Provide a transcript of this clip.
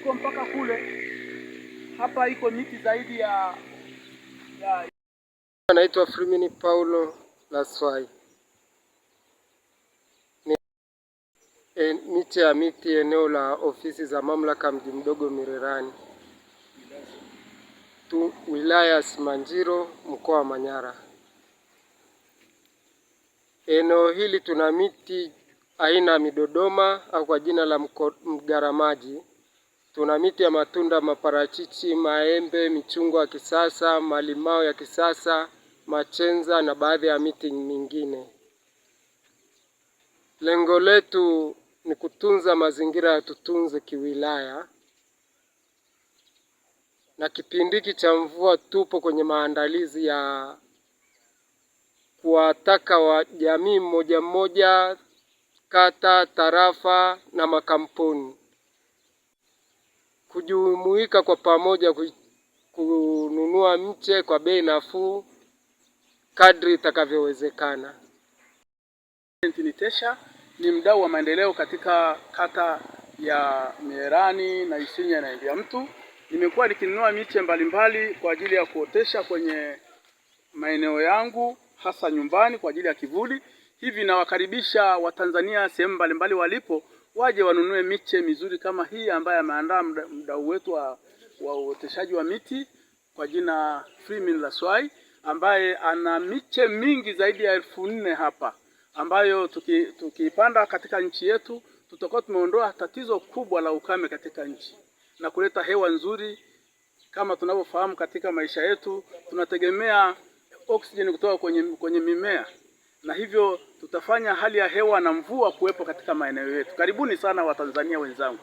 iko mpaka kule. Hapa iko miti zaidi ya ya anaitwa Frimini Paulo Laswai e, miche ya miti eneo la ofisi za mamlaka mji mdogo Mirerani tu wilaya ya Simanjiro mkoa wa Manyara. Eneo hili tuna miti aina ya midodoma au kwa jina la mgaramaji Tuna miti ya matunda, maparachichi, maembe, michungwa ya kisasa, malimao ya kisasa, machenza na baadhi ya miti mingine. Lengo letu ni kutunza mazingira ya Tutunze Kiwilaya, na kipindi hiki cha mvua tupo kwenye maandalizi ya kuwataka jamii mmoja mmoja, kata, tarafa na makampuni kujumuika kwa pamoja kununua mche kwa bei nafuu kadri itakavyowezekana. Ni Tesha, ni mdau wa maendeleo katika kata ya Mierani na Isinya na Imbia mtu. Nimekuwa nikinunua miche mbalimbali kwa ajili ya kuotesha kwenye maeneo yangu hasa nyumbani kwa ajili ya kivuli. Hivi nawakaribisha Watanzania sehemu mbalimbali walipo waje wanunue miche mizuri kama hii ambaye ameandaa mdau wetu wa uoteshaji wa miti kwa jina Freeman Laswai ambaye ana miche mingi zaidi ya elfu nne hapa ambayo tukiipanda tuki katika nchi yetu tutakuwa tumeondoa tatizo kubwa la ukame katika nchi na kuleta hewa nzuri. Kama tunavyofahamu katika maisha yetu tunategemea oksijeni kutoka kwenye, kwenye mimea na hivyo tutafanya hali ya hewa na mvua kuwepo katika maeneo yetu. Karibuni sana Watanzania wenzangu.